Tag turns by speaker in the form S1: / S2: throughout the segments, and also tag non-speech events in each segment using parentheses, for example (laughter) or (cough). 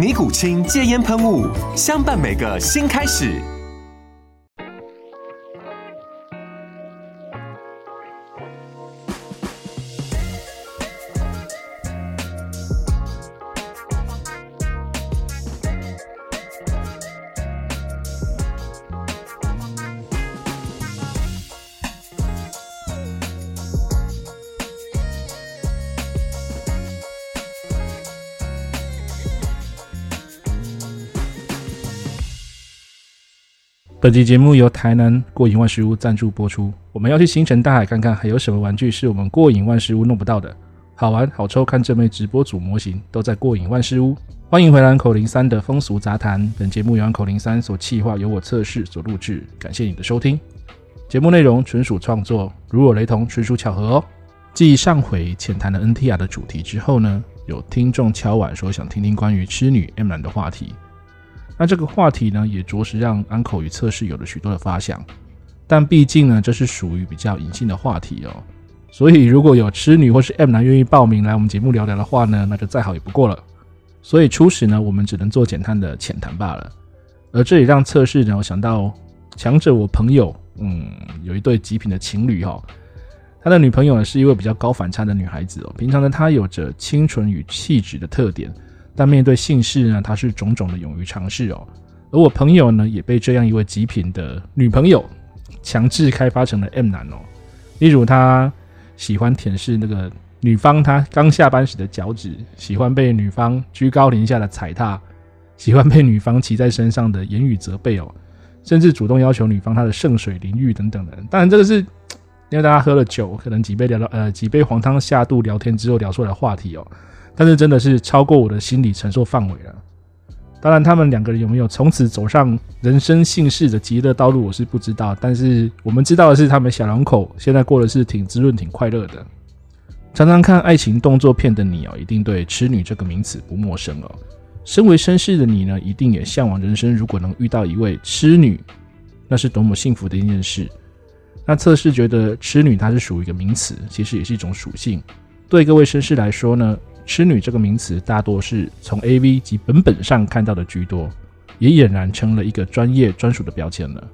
S1: 尼古清戒煙噴霧，相伴每個新開始。本集節目由台南過癮萬事屋贊助播出。我們要去星辰大海看看，還有什麼玩具是我們過癮萬事屋弄不到的？好玩好抽，看正妹直播組模型都在過癮萬事屋。歡迎回來 Uncle03 的風俗雜談。本節目由 Uncle03 所企劃，由我策士所錄製。感謝你的收聽。節目內容純屬創作，如有雷同，純屬巧合哦。繼上回淺談了 N T R 的主題之後呢，有聽眾敲碗說想聽聽關於痴女 M 男的話題。那這個話題呢，也着實讓 Uncle 與策士有了許多的發想，但畢竟呢，這是屬於比較隱性的話題哦，所以如果有痴女或是 M 男願意報名來我們節目聊聊的話呢，那就再好也不過了。所以初始呢，我們只能做簡單的淺談罷了，而這也讓策士呢，我想到強者我朋友，嗯，有一對極品的情侶哈、哦，他的女朋友呢是一位比較高反差的女孩子哦，平常呢她有着清純與氣質的特點。但面對性事呢，他是種種的勇於嘗試哦。而我朋友呢，也被這樣一位極品的女朋友強制開發成了 M 男哦。例如，他喜歡舔舐那個女方他剛下班時的腳趾，喜歡被女方居高臨下的踩踏，喜歡被女方騎在身上的言語責備哦，甚至主動要求女方他的聖水淋浴等等的。當然，這個是因為大家喝了酒，可能幾杯聊呃幾杯黃湯下肚聊天之後聊出來的話題哦。但是真的是超過我的心理承受範圍了啊。當然，他們兩個人有沒有從此走上人生性事的極樂道路，我是不知道。但是我們知道的是，他們小兩口現在過得是挺滋潤、挺快樂的。常常看愛情動作片的你哦，一定對“痴女”這個名詞不陌生哦。身為紳士的你呢，一定也向往人生，如果能遇到一位痴女，那是多麼幸福的一件事。那策士覺得“痴女”它是屬於一個名詞，其實也是一種屬性。對各位紳士來說呢？「痴女」這個名詞，大多是從 AV 及本本上看到的居多，也儼然成了一個專業專屬的標籤了。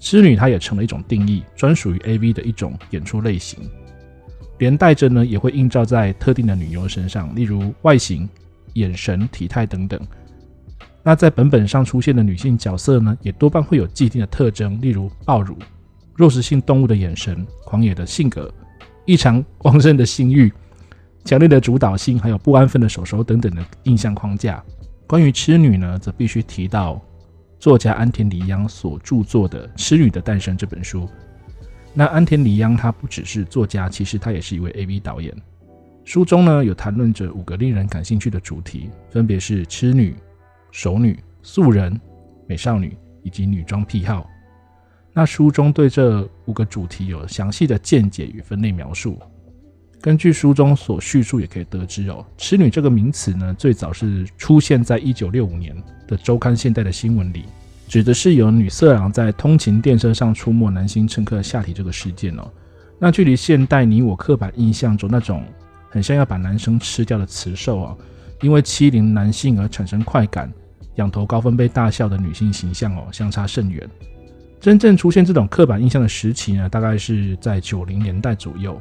S1: 痴女，它也成了一種定義，專屬於 AV 的一種演出類型，連帶着呢，也會映照在特定的女優身上，例如外形、眼神、體態等等。那在本本上出現的女性角色呢，也多半會有既定的特徵，例如暴乳、肉食性動物的眼神、狂野的性格、異常旺盛的性慾。強烈的主導性，還有不安分的手手等等的印象框架。關於痴女呢，則必須提到作家安田理央所著作的《痴女的誕生》這本書。那安田理央他不只是作家，其實他也是一位 AV 導演。書中呢有談論着五個令人感興趣的主題，分別是痴女、熟女、素人、美少女以及女裝癖好。那書中對這五個主題有詳細的見解與分類描述。根據書中所敘述，也可以得知哦，“痴女”這個名詞呢，最早是出現在一九六五年的周刊《現代》的新聞裡，指的是有女色狼在通勤電車上出沒男性乘客下體這個事件哦。那距離現代你我刻板印象中那種很像要把男生吃掉的雌獸哦，因為欺凌男性而產生快感、仰頭高分貝大笑的女性形象哦，相差甚遠。真正出現這種刻板印象的時期呢，大概是在九零年代左右。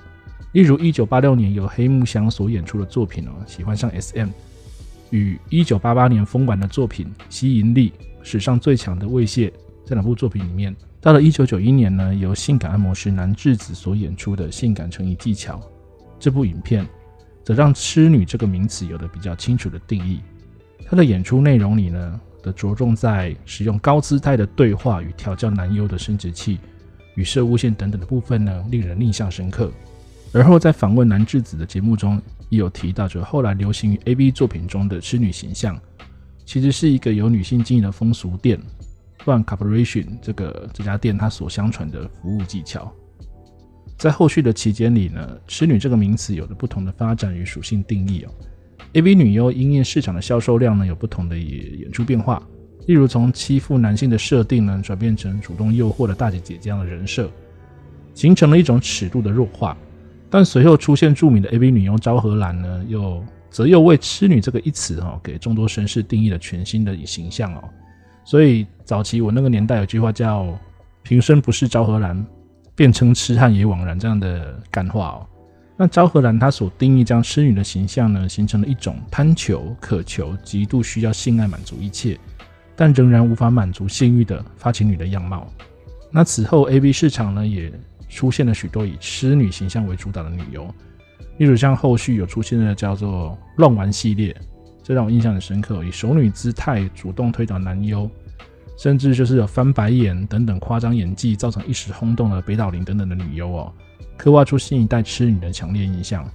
S1: 例如，一九八六年由黑木香所演出的作品《哦，喜歡上 S.M.》與一九八八年封版的作品《吸引力》，史上最強的慰謝。這兩部作品裡面，到了一九九一年呢，由性感按摩師南智子所演出的《性感成衣技巧》這部影片，則讓“痴女”這個名詞有了比較清楚的定義。她的演出內容裡呢，的着重在使用高姿態的對話與調教男優的生殖器與射物線等等的部分呢，令人印象深刻。而後在訪問南質子的節目中也有提到，就是後來流行於 AV 作品中的痴女形象，其實是一個由女性經營的風俗店亂 corporation 這個這家店它所相傳的服務技巧。在後續的期間裡呢，痴女這個名詞有了不同的發展與屬性定義哦。AV 女優因應市場的銷售量呢有不同的演出變化，例如從欺負男性的設定呢轉變成主動誘惑的大姐姐這樣的人設，形成了一種尺度的弱化。但隨後出現著名的 AV 女優昭和蘭呢，又則又為“痴女”這個一詞哈，給眾多紳士定義了全新的形象哦。所以早期我那個年代有句話叫“平生不是昭和蘭，便稱痴漢也枉然”這樣的幹話哦。那昭和蘭她所定義將痴女的形象呢，形成了一種貪求、渴求、極度需要性愛滿足一切，但仍然無法滿足性欲的發情女的樣貌。那此後，AV 市場呢，也出現了許多以痴女形象為主導的女優，例如像後續有出現的叫做亂玩系列，這讓我印象很深刻，以熟女姿態主動推倒男優，甚至就是有翻白眼等等誇張演技，造成一時轟動的北島玲等等的女優哦，刻畫出新一代痴女的強烈印象。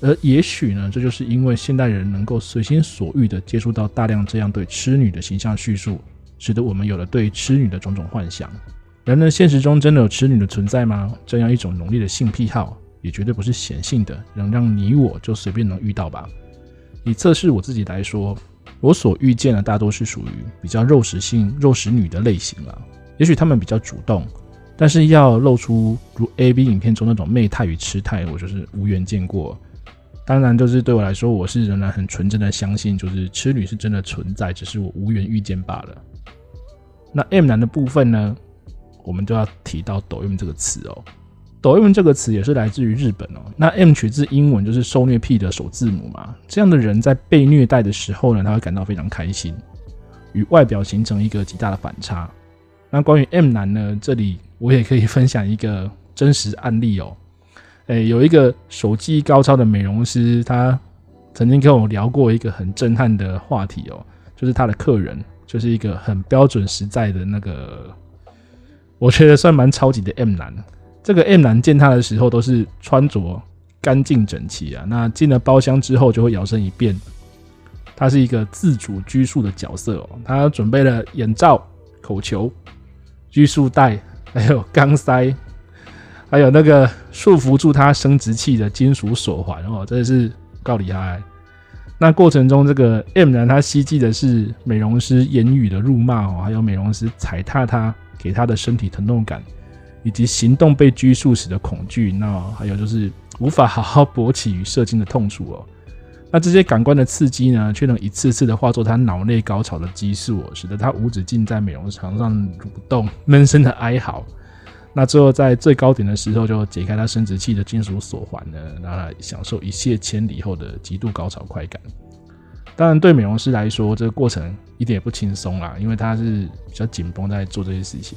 S1: 而也許呢，這就是因為現代人能夠隨心所欲地接觸到大量這樣對痴女的形象敘述，使得我們有了對痴女的種種幻想。人類現實中真的有痴女的存在嗎？這樣一種濃烈的性癖好，也絕對不是顯性的，能讓你我就隨便能遇到吧？以測試我自己來說，我所遇見的大多是屬於比較肉食性肉食女的類型了。也許他們比較主動，但是要露出如 A B 影片中那種媚態與痴態，我就是無緣見過。當然，就是對我來說，我是仍然很純真的相信，就是痴女是真的存在，只是我無緣遇見罷了。那 M 男的部分呢？我們就要提到“抖 M” 這個詞哦，“抖 M” 這個詞也是來自於日本哦。那 M 取自英文，就是受虐癖的首字母嘛。這樣的人在被虐待的時候呢，他會感到非常開心，與外表形成一個極大的反差。那關於 M 男呢，這裡我也可以分享一個真實案例哦、哎。有一個手技高超的美容師，他曾經跟我聊過一個很震撼的話題哦，就是他的客人就是一個很標準、實在的那個。我覺得算蠻超級的 M 男了。這個 M 男見他的時候都是穿着乾淨整齊啊。那進了包廂之後就會搖身一變，他是一個自主拘束的角色哦、喔。他準備了眼罩、口球、拘束帶，還有鋼塞，還有那個束縛住他生殖器的金屬手環哦，真的是夠厲害欸。那過程中，這個 M 男他希冀的是美容師言語的辱罵哦，還有美容師踩踏他。給他的身體疼痛感，以及行動被拘束時的恐懼，那還有就是無法好好勃起與射精的痛楚哦。那這些感官的刺激呢，卻能一次次的化作他腦內高潮的激素，使得他無止境在美容床上蠕動、悶聲的哀嚎。那最後在最高點的時候，就解開他生殖器的金屬鎖環呢，讓他享受一瀉千里後的極度高潮快感。當然，對美容師來說，這個過程一點也不輕鬆啦，因為他是比較緊繃在做這些事情。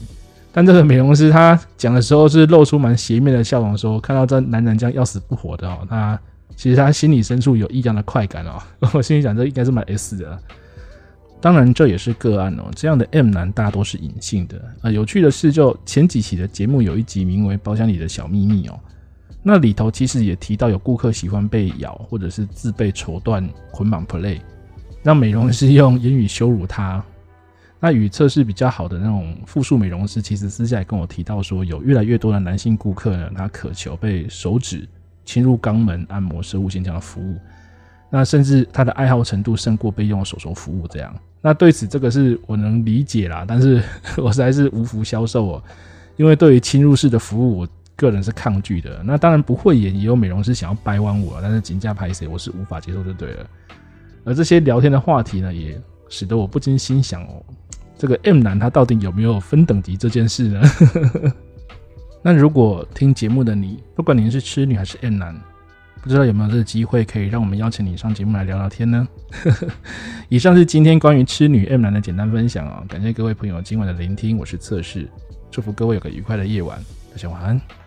S1: 但這個美容師他講的時候是露出蠻邪魅的笑容說，說看到這男人這樣要死不活的哦，他其實他心裡深處有異樣的快感哦。我心裡想，這應該是蠻 S 的。當然這也是個案哦，這樣的 M 男大多是隱性的啊、呃。有趣的是，就前幾期的節目有一集名為《包廂裡的小祕密》哦，那裡頭其實也提到有顧客喜歡被咬，或者是自備綢緞捆綁 play。那美容師用言語羞辱他，那與測試比較好的那種復述美容師，其實私下也跟我提到說，有越來越多的男性顧客呢，他渴求被手指侵入肛門按摩攝護腺這樣的服務，那甚至他的愛好程度勝過被用手手服務這樣。那對此，這個是我能理解啦，但是我實在是無福消受哦，因為對於侵入式的服務，我個人是抗拒的。那當然不會也也有美容師想要掰彎我，但是競價排誰，我是無法接受就對了。而這些聊天的話題呢，也使得我不禁心想哦，這個 M 男他到底有沒有分等級這件事呢？ (laughs) 那如果聽節目的你，不管你是痴女還是 M 男，不知道有沒有這個機會可以讓我們邀請你上節目來聊聊天呢？ (laughs) 以上是今天關於痴女 M 男的簡單分享啊、哦！感謝各位朋友今晚的聆聽，我是策士，祝福各位有個愉快的夜晚，大家晚安。